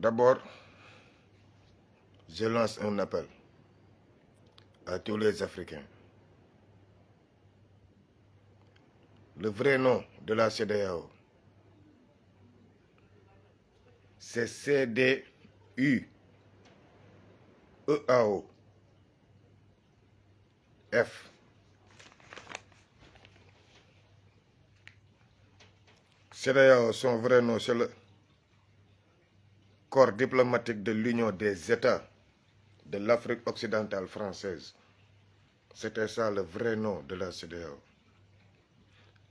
d'abord je lance un appel à tous les Africains le vrai nom de la CDAO c'est CDU EAO F CEDEAO son vrai nom c'est le corps diplomatique de l'Union des États de l'Afrique occidentale française c'était ça le vrai nom de la CEDEAO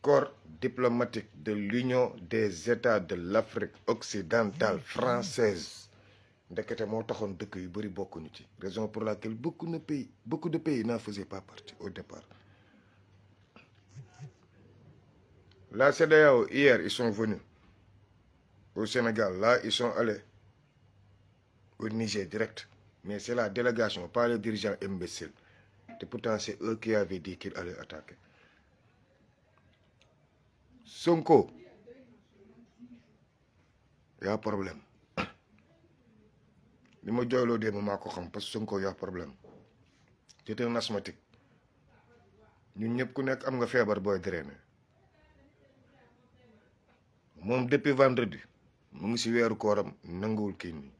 corps diplomatique de l'Union des États de l'Afrique occidentale française C'est raison pour laquelle beaucoup de pays beaucoup de pays n'en faisaient pas partie au départ Là, c'est CDAO, hier, ils sont venus au Sénégal. Là, ils sont allés au Niger direct. Mais c'est la délégation, pas les dirigeants imbéciles. Et pourtant, c'est eux qui avaient dit qu'ils allaient attaquer. Sonko, il y a un problème. Je me suis parce que Sonko, il y a un problème. J'étais un asthmatique. Nous, tous, nous avons fait un barbeau moom depuis vendredi mu ngi ci weeru kooram nanguwul kii nii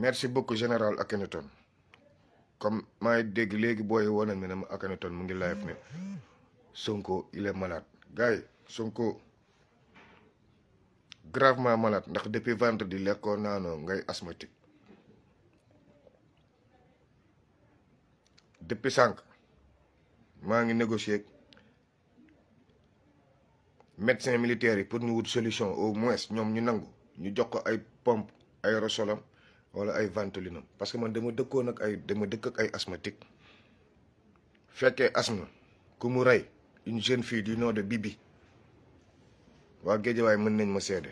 merci beaucoup général Akhenaton comme maay dégg léegi booy wona mi ne ma Akhenaton mu ngi live ne Sonko il est malade gars yi gravement malade ndax depuis vendredi lekkoo naanoo ngay asthmatique depuis sànq maa ngi négocier médecins militaires pour nous une solution au moins ñom ñu nangu ñu jox ko ay pompe aérosolam wala ay ventolinam parce que man dama dekk nak ay dama dekk ak ay asthmatique fekkee asthme ku mu rey une jeune fille du nom de Bibi waa Géejawaay mën nañ ma sédé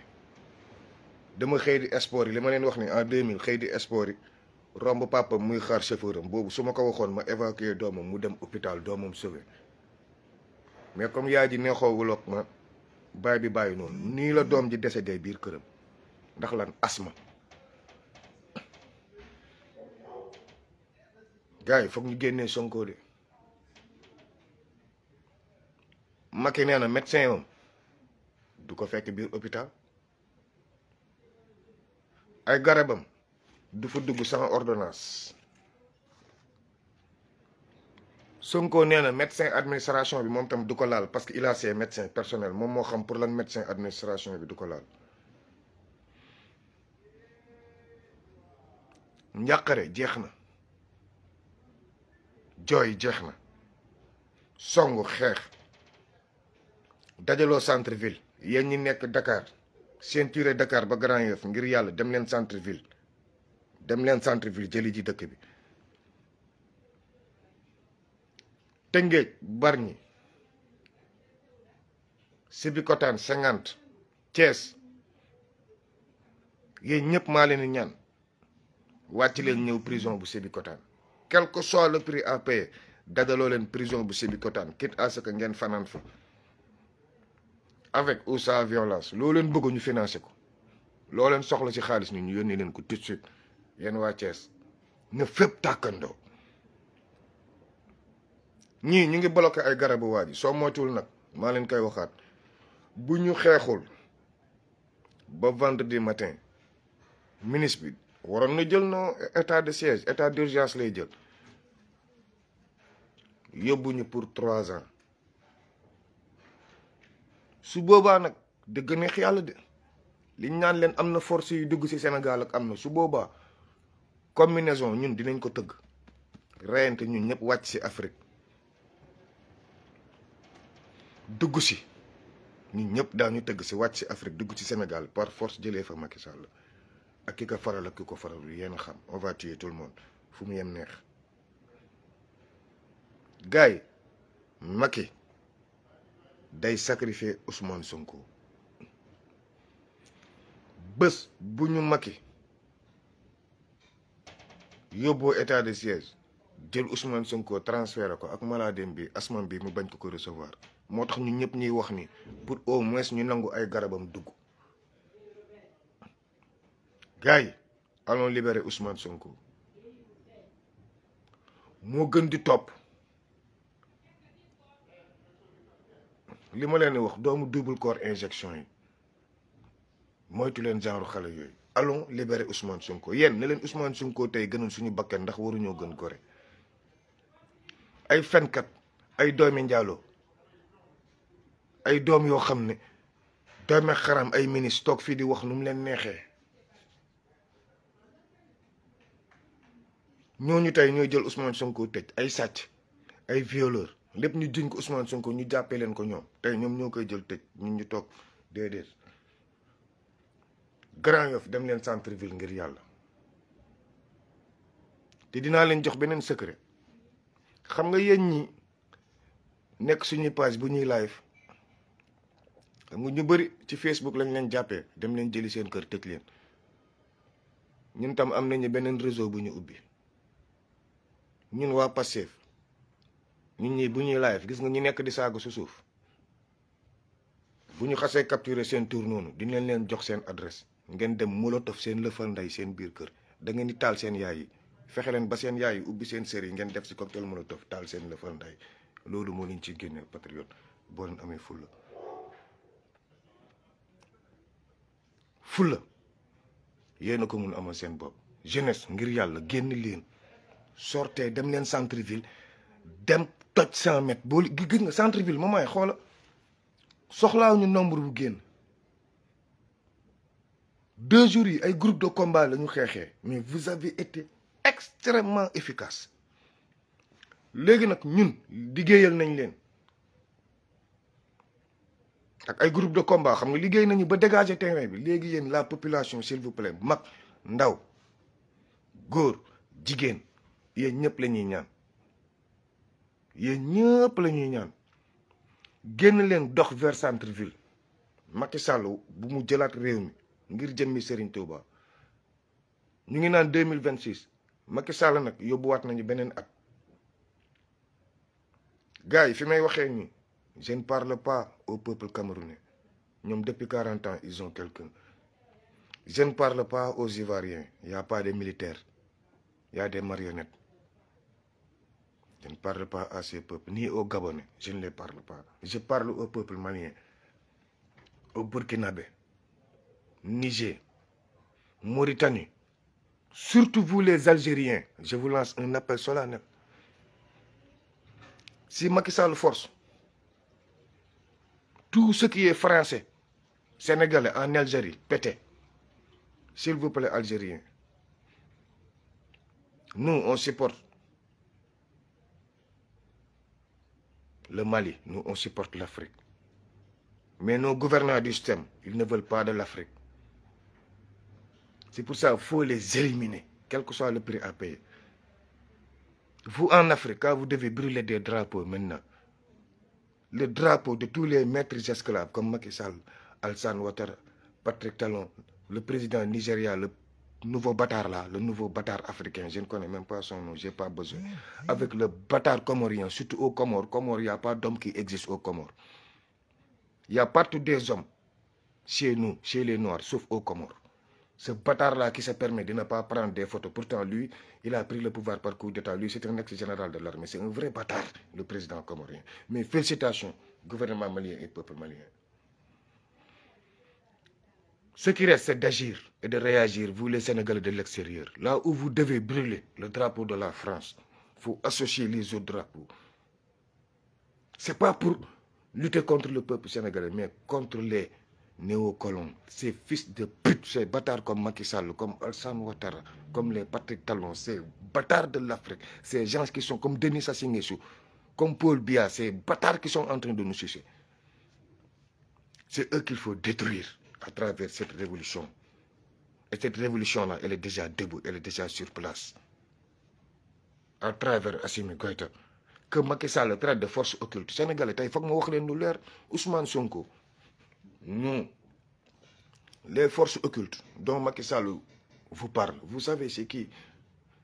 dama xëy di sport yi li ma leen wax ni en 2000 xëy di sport yi romb papa muy xaar chauffeur bobu suma ko waxoon ma évacuer doomam mu dem hôpital doomam sauvé mais comme yaaji ji ak ma. baay bi bàyyi noonu nii la doom ji décédé biir këram ndax lan asma gars yi foog ñu génnee Sonko de Macky nee na médecin moom du ko fekk biir hôpital ay garabam du fa dugg sans ordonnance Sonko nee na médecin administration bi moom tam du ko laal parce que il a ses médecins personnels moom moo xam pour lan médecin administration bi du ko laal. njàqare jeex na jooy jeex na songu xeex dajaloo centre ville yéen ñi nekk dakaar ceinture Dakar ba Grand Yoff ngir yàlla dem leen centre ville dem leen centre ville jëli ji dëkk bi. Tëngéej Bargny Sébikotane cinquante Thiès yéen ñëpp maa leen di ñaan wàcc leen ñëw prison bu Sébikotane quel que soit le prix à payer leen prison bu Sébikotane quitte à ce que ngeen fanaan fa avec ou sans violence loo leen bëgg ñu financé ko loo leen soxla ci xaalis ñu ñu yónnee leen ko tout de suite yéen waa Thiès na fépp tàkkandoo ñii ñu ngi bloqué ay garabu waa ji soo moytuwul nag maa leen koy waxaat bu ñu xeexul ba vendredi matin ministre bi waroon na jël noo état de siège état d'urgence lay jël yóbbuñu pour trois ans su boobaa nag dëgg neex yàlla de liñ naan leen am na force yu dugg ci Sénégal ak am na su boobaa combinaison ñun dinañ ko tëgg reyante ñun ñëpp wàcc ci Afrique dugg si ñun ñëpp daañu tëgg si wàcc si Afrique dugg si Sénégal par force jëlee fa Macky Sall ak ki ko faral ak ki ko faral yéen xam on va tuer monde fu mu yem neex gars yi Macky day sacrifier Ousmane Sonko bés bu ñu Macky yóbboo état de siège jël Ousmane Sonko transféré ko ak maladie bi asman bi mu bañ ko ko recevoir moo tax ñu ñëpp ñuy wax ni pour au moins ñu nangu ay garabam dugg gars yi allons libérer Ousmane Sonko moo gën di topp li ma leen wax doomu double corps injection yi moytu leen genre xale yooyu allons libérer Ousmane Sonko yéen ne leen Ousmane Sonko tey gënal suñu bakkan ndax waruñoo gën gore ay fenkat ay doomi njaaloo ay doom yoo xam ne doomi xaram ay ministre toog fii di wax nu mu leen neexee ñooñu tey ñooy jël Ousmane Sonko tëj ay sàcc ay violeur lépp ñu juñ ko Ousmane Sonko ñu jàppee leen ko ñoom tey ñoom ñoo koy jël tëj ñun ñu toog déedéet Grand Yoff dem leen centre ville ngir yàlla te dinaa leen jox beneen secret xam nga yéen ñi nekk suñuy page bu ñuy live xam nga ñu bari ci Facebook lañ leen jàppee dem leen jëli seen kër tëj leen ñun tam am nañu beneen réseau bu ñu ubbi ñun waa Pastef ñun ñi bu ñuy live gis nga ñu nekk di saaga su suuf bu ñu xasee capturer seen tour noonu dinañ leen jox seen adresse ngeen dem molotov seen lëfal ndey seen biir kër da ngeen di taal seen yaay yi fexe leen ba seen yaay yi ubbi seen série ngeen def si cocktail molotov taal seen lëfal ndey loolu moo leen ci génne patriote boo leen amee fulla yéen a ko mun amal seen bopp jeunesse ngir yàlla génn leen sortez dem leen centre ville dem toj cent mètres boo gis nga centre ville moom mooy xoola soxlaaw ñu nombre bu génn deux jours yi ay groupe de combat la ñu xeexee mais vous avez été extrêmement efficace léegi nag ñun liggéeyal nañ leen ak ay groupe de combat xam nga liggéey nañu ba dégagé terrain bi léegi yéen la population s'il vous plaît mag ndaw góor jigéen yéen ñëpp la ñuy ñaan yéen ñëpp la ñuy ñaan génn leen dox vers centre ville Macky Sall bu mu jëlaat réew mi ngir jëmmi Serigne Touba ñu ngi naan deux mille vingt six Macky Sall nag yóbbuwaat nañu beneen ak gars yi fi may waxee nii. Je ne parle pas au peuple camerounais. depuis 40 ans, ils ont quelqu'un. Je ne parle pas aux Ivoiriens. Il n'y a pas de militaires. Il y a des marionnettes. Je ne parle pas à ces peuples, ni aux Gabonais. Je ne les parle pas. Je parle au peuple malien, au Burkinabé, Niger, Mauritanie. Surtout vous les Algériens, je vous lance un appel solennel. Si Macky Sall force tout ce qui est français, sénégalais en Algérie, pété. S'il vous plaît, Algériens. Nous, on supporte le Mali, nous, on supporte l'Afrique. Mais nos gouvernants du système, ils ne veulent pas de l'Afrique. C'est pour ça qu'il faut les éliminer, quel que soit le prix à payer. Vous, en Afrique, vous devez brûler des drapeaux maintenant, le drapeau de tous les maîtres esclaves comme Macky Sall, Alsan Water, Patrick Talon, le président nigérien, le nouveau bâtard là, le nouveau bâtard africain, je ne connais même pas son nom, j'ai pas besoin. Avec le bâtard comorien, surtout au Comores, il n'y a pas d'homme qui existe au Comores. Il y a partout des hommes chez nous, chez les Noirs, sauf au Comores ce bâtard-là qui se permet de ne pas prendre des photos. Pourtant, lui, il a pris le pouvoir par coup d'État. Lui, c'est un ex-général de l'armée. C'est un vrai bâtard, le président comorien. Mais félicitations, gouvernement malien et peuple malien. Ce qui reste, c'est d'agir et de réagir, vous les Sénégalais de l'extérieur. Là où vous devez brûler le drapeau de la France, il faut associer les autres drapeaux. Ce n'est pas pour lutter contre le peuple sénégalais, mais contre les néocolons, ces fils de pute, ces bâtards comme Macky Sall, comme Alsan Ouattara, comme les Patrick Talon, ces bâtards de l'Afrique, ces gens qui sont comme Denis Sassinguessou, comme Paul Biya, ces bâtards qui sont en train de nous sucer. C'est eux qu'il faut détruire à travers cette révolution. Et cette révolution-là, elle est déjà debout, elle est déjà sur place. À travers Assimi Goïta, que Macky Sall traite de force occulte. Sénégalais, il faut que nous Ousmane Sonko. Non. Les forces occultes dont Macky vous parle, vous savez c'est qui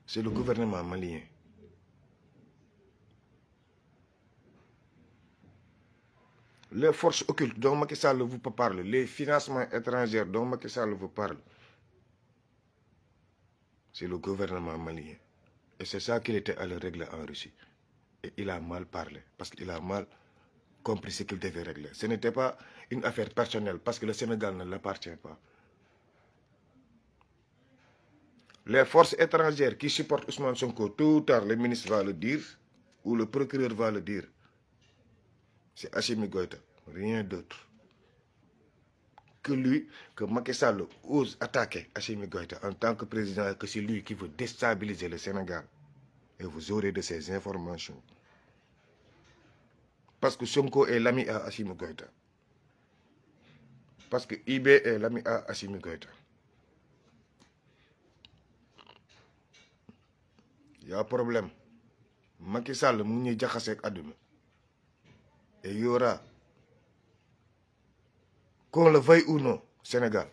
C'est le gouvernement malien. Les forces occultes dont Macky vous parle, les financements étrangers dont Macky vous parle, c'est le gouvernement malien. Et c'est ça qu'il était le régler en Russie. Et il a mal parlé, parce qu'il a mal compris ce qu'il devait régler. Ce n'était pas une affaire personnelle parce que le Sénégal ne l'appartient pas. Les forces étrangères qui supportent Ousmane Sonko, tout ou tard, le ministre va le dire ou le procureur va le dire. C'est Hachimi Goïta, rien d'autre. Que lui, que Macky ose attaquer Hachimi Goïta en tant que président et que c'est lui qui veut déstabiliser le Sénégal. Et vous aurez de ces informations. Parce que Sonko est l'ami à Hachimi Goïta parce que IBE est l'ami à Assimi Il y a un problème. Macky Sall mu ñuy jaxase ak àdduna et y aura qu'on le veuille ou non Sénégal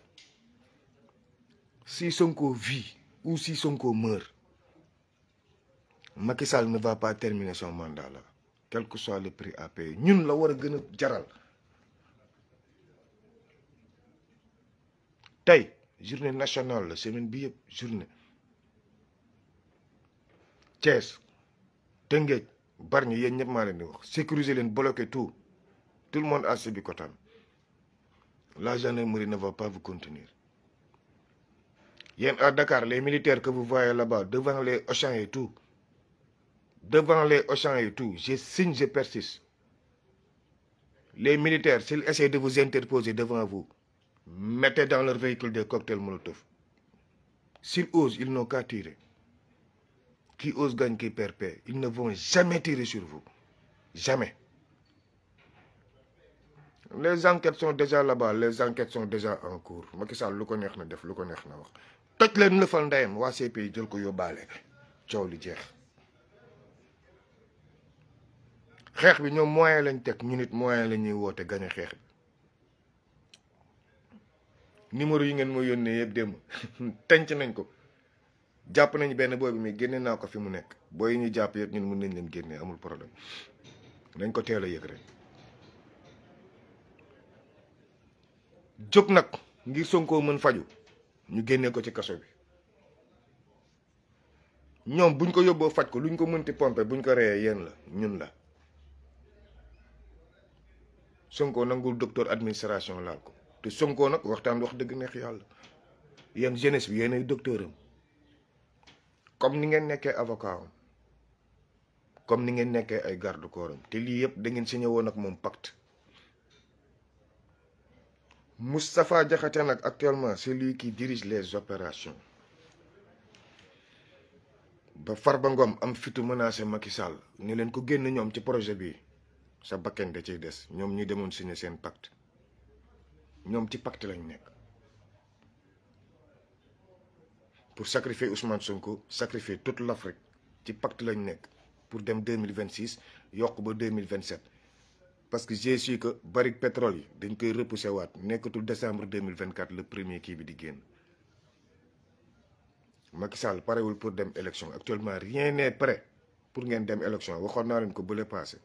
si Sonko vit ou si son Sonko meurt Macky ne va pas terminer son mandat quel que soit le prix à payer Nous, ne pouvons pas tay journée nationale la semaine bi journée Thiès tengé, Bargny sécuriser les maa leen di wax sécuriser tout tout le monde a à Sébikotane la gendarmerie ne va pas vous contenir à Dakar les militaires que vous voyez là-bas devant les Auchan et tout devant les Auchan et tout j'ai signe je persiste les militaires s'ils essaient de vous interposer devant vous mettez dans leur véhicule des cocktails Molotov. S'ils osent, ils n'ont qu'à tirer. Qui ose gagne, qui perd, paix. Ils ne vont jamais tirer sur vous. Jamais. Les enquêtes sont déjà là-bas, les enquêtes sont déjà en cours. Je Sall ce ko neex na def Toutes les neex na wax toj leen lëfal ndeyam waa CPI jël ko yóbbaale coow li jeex. xeex bi moyen lañ moyen numéro yi ngeen mooy yónnee yëpp démb tenc nañ ko jàpp nañ benn booy bi mais génne naa ko fi mu nekk booy yi ñu jàpp yëpp ñun mun nañ leen génne amul problème nañ ko teel a yëg rek jóg nag ngir Sonko mën faju ñu génne ko ci kaso bi ñoom buñ ko yóbboo faj ko luñ ko mënti pompe buñ ko reyee yéen la ñun la Sonko nangul docteur administration laal ko te Sonko nak waxtan wax deug neex yalla yeen jeunesse bi yéenay docteur am comme ni ngeen nekké avocat comme ni ngeen nekké ay garde corps am te lii yëpp da ngeen signé won ak mom pacte mustapha Diakhaté nak actuellement celui qui dirige les opérations ba Farba Ngom am fitu menacé Macky Sall ni len ko génn ñom ci projet bi sa bakken da ciy dess ñom ñu demoon signé sen pacte Nous ci pacte lañ pacte. pour sacrifier Ousmane Sonko sacrifier toute l'Afrique ci pacte lañ nek pour dem 2026, yok ba 2027. parce que j'ai su que baril pétrole dañ koy repousser que nekkatul décembre 2024 le premier qui bi di génn Macky Sall pour dem élection actuellement rien n'est prêt pour ngeen dem élection n'a len ko passé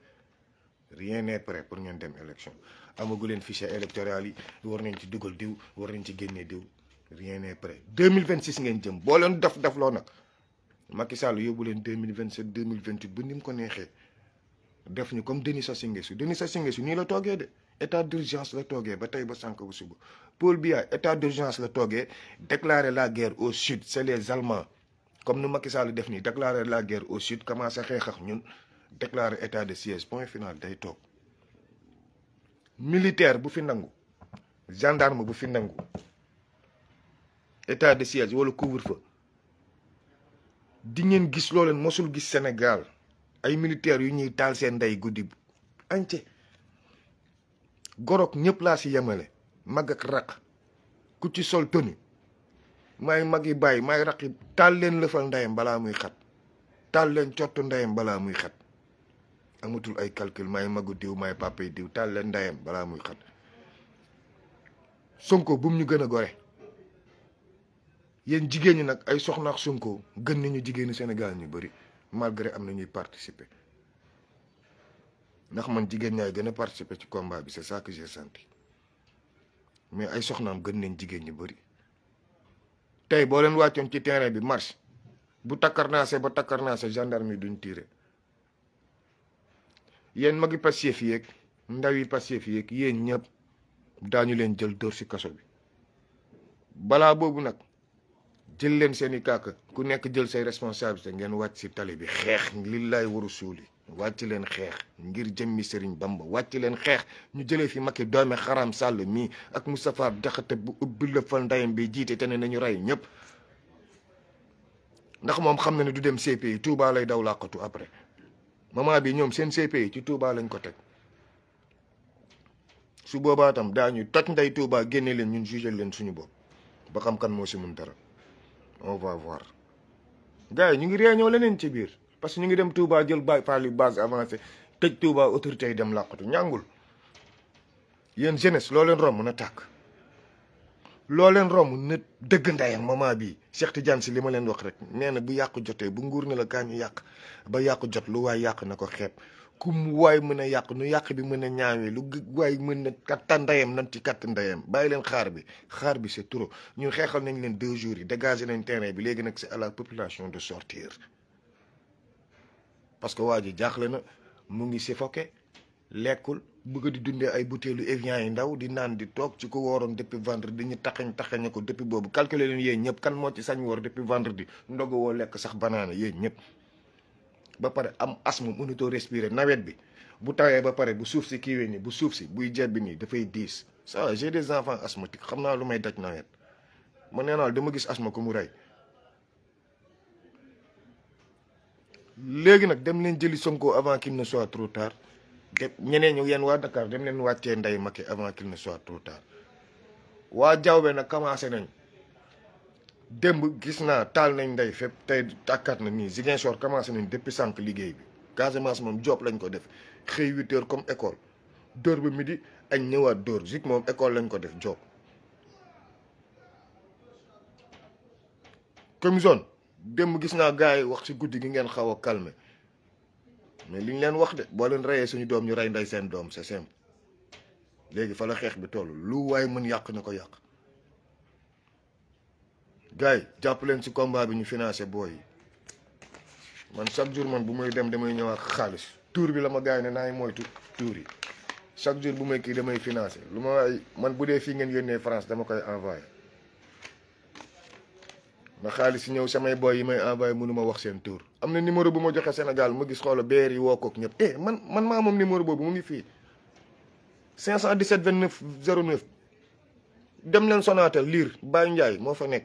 rien n'est prêt pour ngeen dem élection amagu leen fichier électoral yi war nañ ci dugal diw war nañ ci génnee diw rien n'est prêt 2026 ngeen jëm bo leen def def loo nag Macky Sall yóbbu leen 2027 2028 bu nim ko nexé def ñu comme Denis Sassou Nguesso Denis Sassou Nguesso ni la togué de état d'urgence la togué ba tay ba sànq bu suba Paul Biya état d'urgence la togué déclarer la guerre au sud c'est les Allemands comme nous Macky Sall def ni déclarer la guerre au sud commencé xeex ak ñun déclarer état de siège point final day tok militaire bu fi nangu gendarme bu fi nangu état de siège wala couvre-feu di ngeen gis loo leen mosul gis Sénégal ay militaires yu ñuy taal seen ndey guddi ance gorog ñëpp laa si yemale mag ak raq ku ci sol toni maay mag yi bàyyi maay raq yi taal leen lëfal ndeyam balaa muy xat taal leen cottu ndeyam balaa muy xat amatul ay calcul may magu diw may papa diw taal leen ndayam balaa muy xat sonko bum ñu gën a gore yéen jigéen ñi nag ay soxnaax sonko gën nañu jigéenu Sénégal ñu bëri malgré am na ñuy participer ndax man jigéen ñaay gën a participer ci combat bi c'est ça que senti mais ay soxnaam gën nañ jigéen ñu bëri tey boo leen wàccoon ci terrain bi marche bu takkarnaase ba takkarnaase gendarme yi duñ tiire yéen magi Pastef yeeg ndaw yi Pastef yeeg yéen ñëpp daañu leen jël door si kaso bi balaa boobu nag jël leen seen i kàkk ku nekk jël say responsabilité ngeen wàcc si tali bi xeex lillaay waru suuli wàcc leen xeex ngir jëmmi Serigne Bamba wàcc leen xeex ñu jëlee fi Macky doome xaram sàll mii ak Moustapha Diakhaté bu ubbi la fal jiite te nañu rey ñëpp ndax moom xam na ne du dem CPI Touba lay daw làqatu après moment bi ñoom seen CPI ci Touba lañ ko teg su boobaa tam ñu toj nday Touba génne leen ñun jugé leen suñu bopp ba xam kan moo si mun dara o va voir. gars yi ñu ngi réunion leneen ci biir parce que ñu ngi dem Touba jël ba fàllu base avancée tëj Touba autorité yi dem làqatu ñàngul yéen jeunesse loo leen romb na tàkk. loo leen romb na dëgg ndeyam moment bii Cheikh Tidiane si li ma leen wax rek nee na bu yàqu jotee bu nguur ne la kaa ñu yàq ba yàqu jot lu waay yàq na ko xeeb ku mu waay mën a yàq nu yàq bi mën a ñaawee lu waay mën na katta ndeyam nan ci katt ndeyam bàyyi leen xaar bi xaar bi c'est trop ñu xeexal nañ leen deux jours yi dégagé nañ terrain bi léegi nag c'est à la population de sortir parce que waa ji jaaxle na mu ngi si suffoqué lekkul bëgg di dundee ay butéelu Evian yi ndaw di naan di toog ci ko wooroon depuis vendredi ñu taxañ taxañe ko depuis boobu calculer leen yéen ñëpp kan moo ci sañ woor depuis vendredi ndogu woo lekk sax banaana yéen ñëpp ba pare am asthme mënutoo respirer nawet bi bu tawee ba pare bu suuf si kiiwee nii bu suuf si buy bi nii dafay diis ça j'ai des enfants asthmatiques xam naa lu may daj nawet ma nee naa dama gis asma ko mu rey léegi nag dem leen jëli Sonko avant qu'il ne soit trop te ñeneen ñu yéen waa Dakar dem leen wàccee ndey Macky avant qu'il ne soit trop tard waa jawbe nag commencé nañ démb gis naa taal nañ ndey fépp tey tàkkaat na nii Ziguinchor commencé nañ depuis sànq liggéey bi Casamance moom job lañ ko def xëy 8 heures comme école dóor ba midi añ ñëwaat dóor zik moom école lañ ko def job comme zone démb gis naa gars yi wax ci guddi gi ngeen xaw a calmer mais liñ leen wax de bo leen rayé suñu dom ñu rey nday seen dom c'est simple légui fa la xex bi tollu lu way mën yàq na ko yàq gars leen ci combat bi ñu financer boy man chaque jour man bu may dem damay ñëw ak xaaliss tour bi lama ma gars yi ne naay moytu tour yi chaque jour bu may ki damay financer luma man bu dee fii ngeen France dama koy envoyer na xaalis ñëw samay boy yi may envoyé mënu ma wax seen tur am na numéro bu ma joxe Sénégal ma gis xoola beer yi woo kook ñëpp eh, man man maa moom numéro boobu mu ngi fii 517 29 09 dem leen Sonatel liir Baye Ndiaye moo fa nekk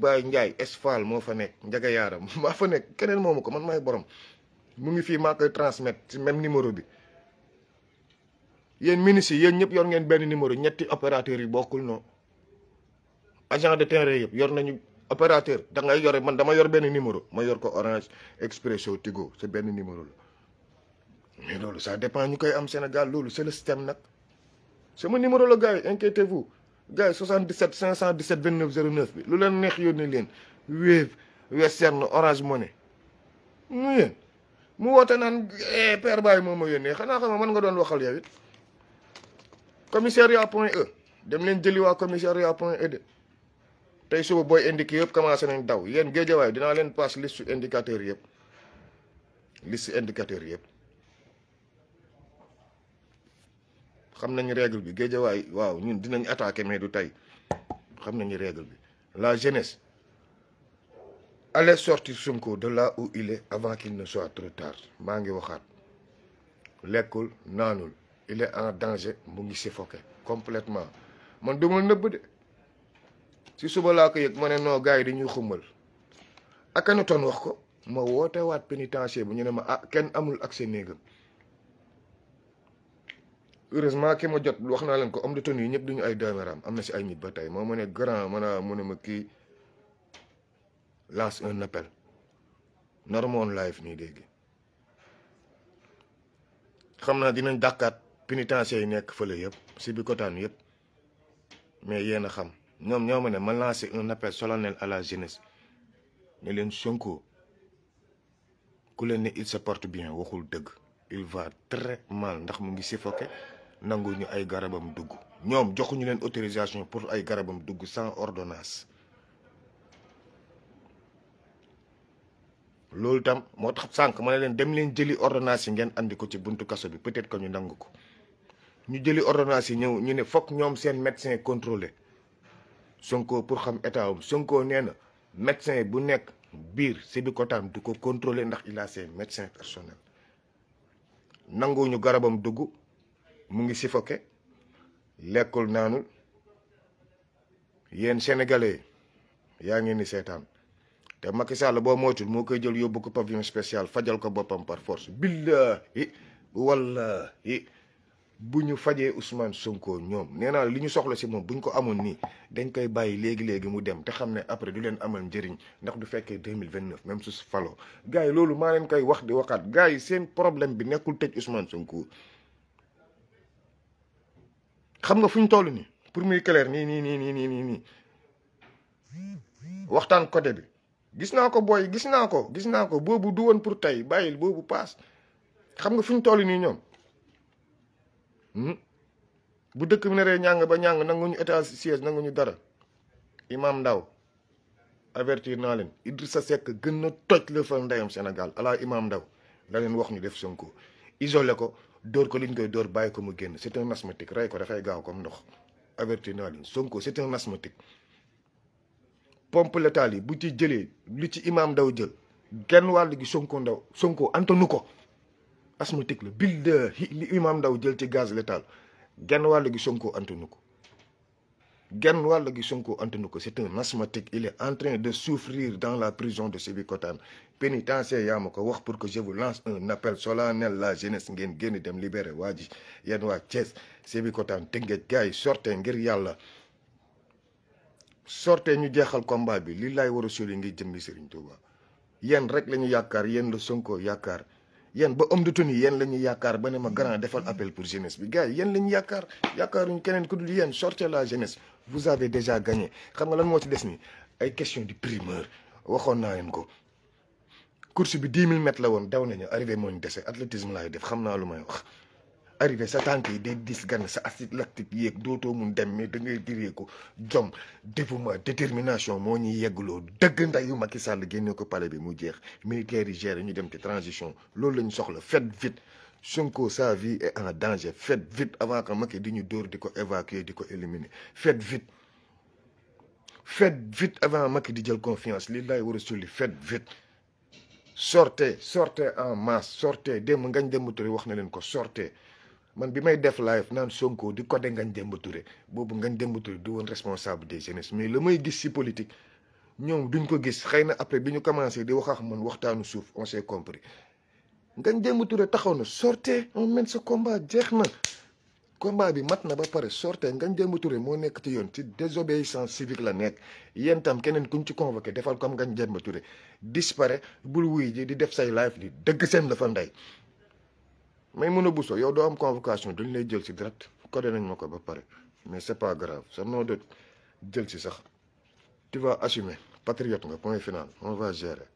Baye Ndiaye Esfal moo fa nekk Njaga Yaaram maa fa nekk keneen moomu ko man maay borom mu ngi fii maa koy transmettre ci même numéro bi yéen ministres yi yéen ñëpp yor ngeen benn numéro ñetti opérateur yi bokkul noo agent de terrain yëpp yor nañu opérateur da ngay yoré man dama yor ben numéro ma yor ko Orange Expresso Tigo c'est ben numéro la mais lolu ça dépend ñukay am Sénégal lolu c'est le système nak c'est mon numéro la gars inquiétez-vous gars 77 517 2909 bi lu len neex yónnee len Wave Western Orange Money mu yéen mu woote naan eh, père bay mo mo yone xana xama man nga don waxal yawit it commissariat point E dem len jëli wa commissariat point E de tey suba booy indiqué yëpp commencé nañ daw yéen géejawaay dinaa leen paas liste indicateur yëpp liste indicateur yëpp xam nañu règle bi géejawaay waaw ñun dinañ attaque mais du tey xam nañu règle bi la jeunesse allez sortir Sonko de la où il avant qu'il ne soit trop maa ngi waxaat lekkul naanul il en danger mu ngi suffoqué complètement man du ma de si suba laa ko yëg ma ne noo gars yi dañuy xumbal ak anu ton wax ko ma woote waat pénitencier bu ñu ne ma ah kenn amul ak accès néegam heureusement ki ma jot wax naa leen ko homme de tenue yi ñëpp duñu ay doomeraam am na si ay nit ba tey moo ma ne grand ma ne mu ne ma kii lance un appel normal life nii dégg xam naa dinañ dàkkaat pénitencier yi nekk fële yëpp si bi kotaan yëpp mais yéen a xam Nous avons lancé un appel solennel à la jeunesse Nous leen Sonko ku il se porte bien il va très mal Nous avons ngi que nangu ay garabam autorisation pour ay garabam sans ordonnance Nous tam une tax sànq ma une ordonnance buntu peut-être que nous nangu ko ñu jëli ordonnance ñu que nous médecin contrôlé Sonko pour xam état am Sonko nee na médecin bu nekk biir Sébikotane du ko contrôler ndax il a ses médecins personnels nanguwuñu garabam dugg mu ngi si sifoke lekkul naanul yéen sénégalais yaa ngi ni seetaan te Macky Sall boo moytul moo koy jël yóbbu ko pavillon spécial fajal ko boppam par force billahi wallahi bu ñu fajee Ousmane Sonko ñoom nee naa li ñu soxla si moom bu ñu ko amoon nii dañ koy bàyyi léegi léegi mu dem te xam ne après du leen amal njëriñ ndax du fekkee deux mille vingt neuf même su faloo gars yi loolu maa leen koy wax di waxaat gars yi seen problème bi nekkul tëj Ousmane Sonko xam nga fu ñu toll nii pour muy clair nii nii nii nii nii nii waxtaan côté bi gis naa ko booy gis naa ko gis naa ko boobu du woon pour tey bàyyil boobu paas xam nga fu ñu toll nii ñoom. Hmm? bu dëkk bi naree ñàng ba ñàng nanguñu état siège nanguñu dara imaam ndaw avertir naa leen Idrissa Seck gën na toj la fa ndeyam Sénégal ala imaam ndaw la leen wax ñu def Sonko isolé ko dóor ko liñ koy dóor bàyyi ko mu génn c'est un asthmatique rey ko dafay gaaw comme ndox avertir naa leen Sonko c'est un asthmatique pompe létale yi bu ci jëlee li ci imaam ndaw jël genn wàll gi Sonko ndaw Sonko antanu ko asthmatique le builder, li Imam Ndaw jël gaz létal genn le gi Sonko antunuko le genn wàll gi Sonko antunuko c'est un asthmatique il est en train de souffrir dans la prison de Sébikotane pénitencier yaa ma wax pour que je vous lance un appel solennel la jeunesse ngeen génn dem libérer wadi ji yéen waa Thiès Sébikotane Tëngéej sorte ngir yalla sorte ñu jeexal combat bi li laay war a ngi jëm Serigne Touba yenn rek lañu yakkar yenn le Sonko yakkar y'en ba homme de tenue y'en la ñuy ba ne ma grand defal appel pour jeunesse bi gars y'en lañu yakar ñuy yaakaar yaakaaruñu keneen ku dul sortez la jeunesse vous avez déjà gagné xam nga lan mo ci dess ni ay question du primeur waxoon naa ko course bi 10000 000 mètres la won daw nañu arrivé moñu dessé athlétisme laay def xam naa lu may wax arrivé sa tànk yi day dis gan sa acide lactique yéeg doto mu dem mais da ngay diree ko jom dévouement détermination ñi ñuy deug nday yu Macky Sall génne ko palais bi mu jeex Militaire géré ñu dem ci transition loolu la soxla faites vite Sonko sa vie est en danger faites vite avant que Macky di ñu dóor di évacuer diko éliminer faites vite faites vite avant Macky di jël confiance li laay war faites vite sortez sortez en masse sortez démb ngañ dem Touré wax na leen ko sortez man bi may def live naan Sonko di côté Ngagne Demba Touré boobu Ngagne Demba Touré du woon responsable des jeunesses mais la may gis si politique ñoom duñ ko gis xëy na après bi ñu commencé di wax ak man waxtaanu suuf on s'est compris Ngagne Demba Touré taxaw na sortez on mène ce combat jeex na combat bi mat na ba pare sorte Ngagne Demba moo nekk ci yoon ci désobéissance civique la nekk yéen keneen kuñ ci convoqué defal comme Ngagne Demba Touré disparaît bul wuy ji di def say live di dëgg seen la fa Maimouna Bousso yow doo am convocation duñ lay jël si direct codé nañ ma ko ba pare mais c'est pas grave sa nom de jël si sax tu vas assumer patriote nga point final on va gérer.